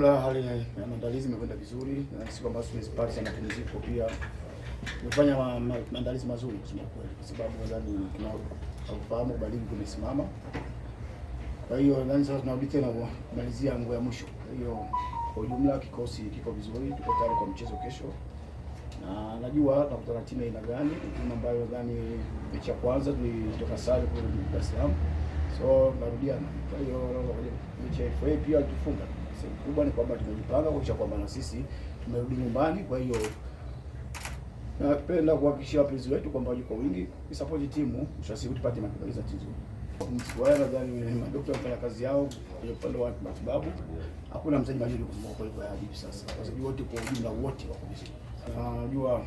jumla hali ya maandalizi imekwenda vizuri, na sisi kwamba Suez Palace ana mapumziko pia tumefanya maandalizi ma, mazuri kusema kweli, kwa sababu nadhani tunafahamu baridi kumesimama. Kwa hiyo nadhani sasa tunarudi tena kumalizia nguo ya mwisho. Kwa hiyo kwa ujumla kikosi kiko vizuri, tuko tayari kwa mchezo kesho, na najua tutakutana timu aina gani, timu ambayo nadhani mechi ya kwanza tulitoka sare kule Dar es Salaam, so narudiana. Kwa hiyo mechi ya FA pia tufunga sehemu kubwa ni kwamba tumejipanga kuhakikisha kwamba na sisi tumerudi nyumbani. Kwa hiyo napenda kuhakikishia wapenzi wetu kwamba wako wingi ni support timu, mwisho wa siku tupate matokeo mazuri. Msikuwaya nadhani madokta wanafanya kazi yao kwenye upande wa matibabu. Hakuna mchezaji mazuri kuzunguka kwa kwa hivi sasa, Kwa sababu wote kwa ujumla wote wako vizuri. Najua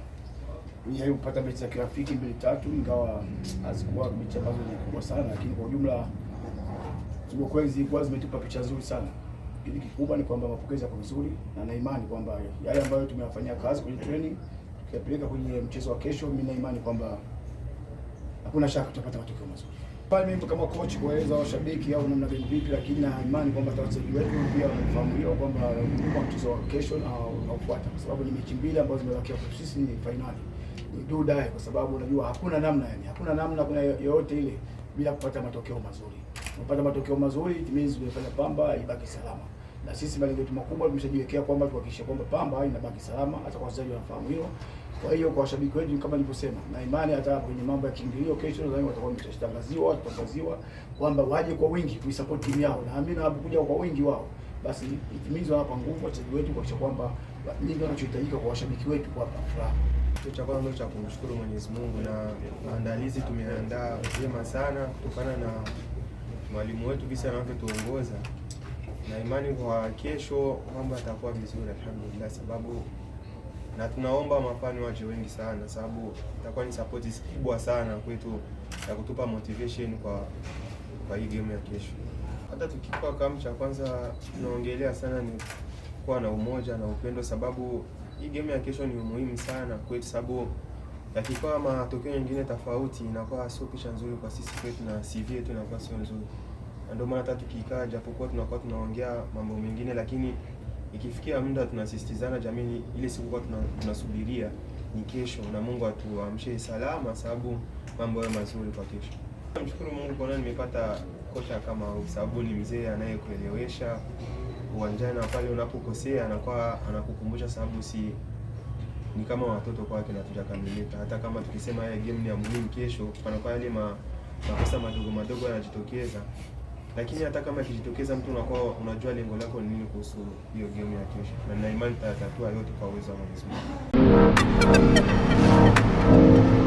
ni hayo kupata mechi za kirafiki mbili tatu, ingawa hazikuwa mechi ambazo ni kubwa sana, lakini kwa ujumla zilikuwa zimetupa picha nzuri sana. Lakini kikubwa ni kwamba mapokezi yako vizuri, na na imani kwamba yale ambayo tumeyafanyia kazi kwenye training tukiyapeleka kwenye mchezo wa kesho, mimi na imani kwamba hakuna shaka tutapata matokeo mazuri pale. Mimi kama coach kueleza washabiki au namna gani vipi, lakini na imani kwamba wachezaji wetu pia wanafahamu hiyo kwamba kwa mchezo wa kesho na unaofuata, kwa sababu ni mechi mbili ambazo zimebakia kwa sisi, ni finali ni do die, kwa sababu unajua hakuna namna, yani hakuna namna kuna yoyote ile bila kupata matokeo mazuri. Tumepata matokeo mazuri, it means tumefanya Pamba ibaki salama. Na sisi malengo yetu makubwa tumeshajiwekea kwamba tuhakikishe kwamba Pamba inabaki salama, hata kwa wachezaji wanafahamu hilo. Kwa hiyo kwa washabiki wetu kama nilivyosema, na imani hata kwenye mambo ya kiingilio kesho nadhani watakuwa wameshatangaziwa, watatangaziwa kwamba waje kwa wingi kuisupport timu yao. Na amini wanapokuja kwa wingi wao, basi it means wanapa nguvu wachezaji wetu kuhakikisha kwamba nini wanachohitajika kwa washabiki wetu kuwapa furaha. Kitu cha kwanza cha kumshukuru Mwenyezi Mungu na maandalizi tumeandaa vyema sana kutokana na mwalimu wetu visi anavyotuongoza na imani kwa kesho mambo yatakuwa vizuri alhamdulillah, sababu na tunaomba mafano waje wengi sana, sababu itakuwa ni support kubwa sana kwetu ya kutupa motivation kwa kwa hii game ya kesho. Hata tukikuwa kama cha kwanza, tunaongelea sana ni kuwa na umoja na upendo, sababu hii game ya kesho ni muhimu sana kwetu sababu yakikawa matokeo mengine tofauti, inakuwa sio picha nzuri kwa sisi kwetu na CV yetu inakuwa sio nzuri, na ndio maana hata tukikaa, japokuwa tunakuwa tunaongea mambo mengine, lakini ikifikia muda tunasisitizana, jamii, ile siku kwa tunasubiria ni kesho, na Mungu atuamshe salama, sababu mambo yao mazuri kwa kesho. Namshukuru Mungu kwa nini nimepata kocha kama huyu, sababu ni mzee anayekuelewesha uwanjani na pale unapokosea anakuwa anakukumbusha, sababu si ni kama watoto kwake na tutakamilika. Hata kama tukisema ya game ni ya muhimu, kesho panakuwa yale ma, makosa madogo madogo yanajitokeza, lakini hata kama ikijitokeza, mtu unakuwa unajua lengo lako ni nini kuhusu hiyo game ya kesho, na nina imani tutatatua yote kwa uwezo wa Mwenyezi Mungu.